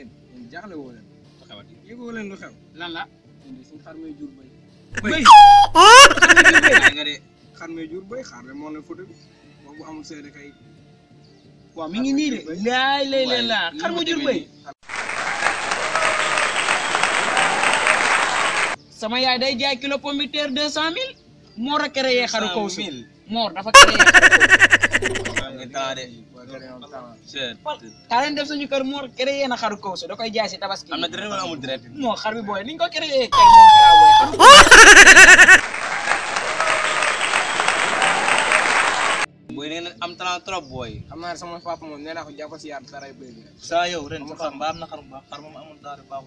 yéen yéen jaaxle la yéen de suñu xar nga de xar moo ne photo bi wax bu amul mi ngi nii de laay lay laa xar ma jur bay sama yaay day jaay kilo pomme de terre deux cent mille moor a créé xaru kaw si moor dafa créé xaru kaw daa leen def suñu kër Mor créé na xaru Koso da koy jaay si tabaski. am na xar bi booy ni ko kër Mor. booy nee na am talent booy. saa yow ren bu na xar moom amul daara ah,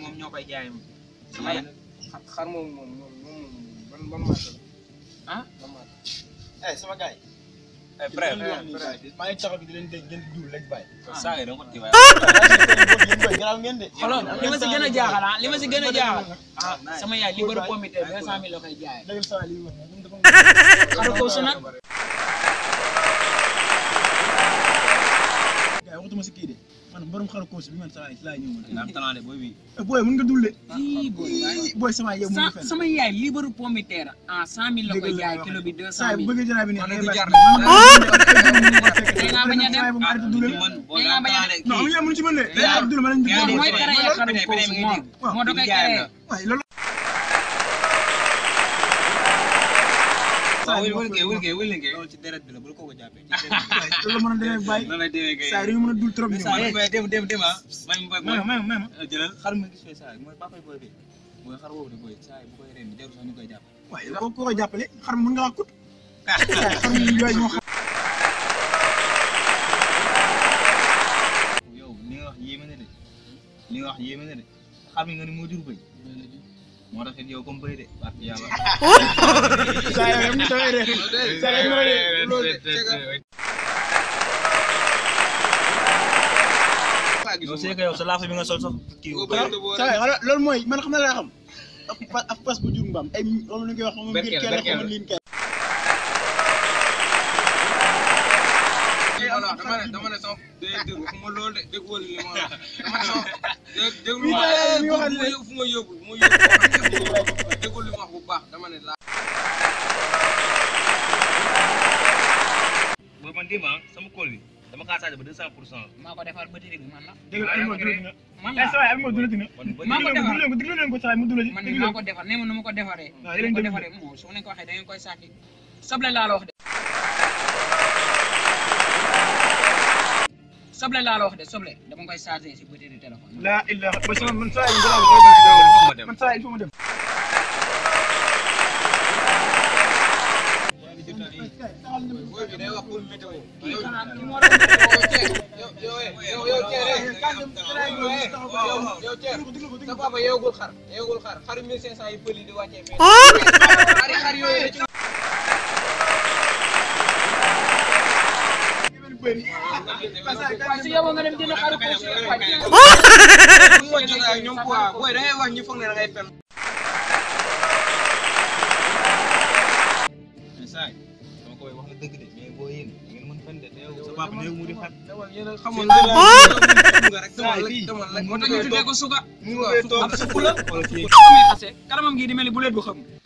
moom ñoo koy jaay moom. xar moom moom. ah eh sama gars yi. eh frère maa ngi taxaw bi di leen dégg ngeen di duul rek bàyyi. saa yi da nga ko di bàyyi. xoolal li ma si gën a jaaxal ah li ma si gën a jaaxal. ah sama yaay li bëri pomité 200000 la koy jaayee. xaru ko su nag. waxatuma si kii de man borom xaru koosu bi man sa waay si laay ñëw man. nga am talent de booy bi. booy mun nga dulle. ii booy booy sama yow mu ngi fenn. sama yaay liibaru pomme de kilo bi deux cent mille. bëgg jëlaat bi ne xëy na jar na. tey ngaa bañ a dem tey ngaa bañ a dem. non am na yow mënu ci mën de. yaa mooy tere ya xaru koosu moom saa yi wul kay wul kay wul ci deret bi la bul ko ko jàppee. loolu mën a demee bàyyi. loolu la demee kay saa yi mën a dul trop. mais saa ma may ma jëlal xar ma gis mooy baa koy booy bi mooy xar boobu de saa yi bu koy ren jàpp. waaye ko ko jàppale xar mën nga kut. xar mi yooyu moo yow li wax yéeme na de li wax yéeme na de xar mi nga ni moo jur bëy moo tax it yow comme bëy de parce que yàlla. saa yoo loolu mooy man xam na laa xam. ab fas bu jur mbaam ay loolu lu ñu wax moom wax dama ne fu ma yóbbu sama kóol bi dama kaa saaj ba deux cent pour cent. maa ko defar ba bi man la. dégg nga Aliouma dulati na. man la Aliouma dulati na. maa ko defar déglu leen ko déglu leen ko saa eh, yi mu dulati. man maa ko defar nee ma nu ma ko defaree. waaw ah, yéen ko defaree moom su ma ko waxee da ngeen koy sàkki. soble laa la wax de. soble laa la wax de soble dama koy chargé si batterie téléphone. laa illah man saa yi ma dem. météo sa papa yeewagul xar yeewagul xar xaru 1500 yi pëli di wàccee xar yooyu waaw si yow nga dem jënd xaru ko si waay ñoom quoi booy da ngay wax ñu foog ne da ngay fen say dama koy wax na dëgg de papa néew mu di xat xamoon nga rek dama lek dama lek moo tax ñu tuddee ko suka mu wéy toog suku la kanamam gi di mel ni bu leet bu xam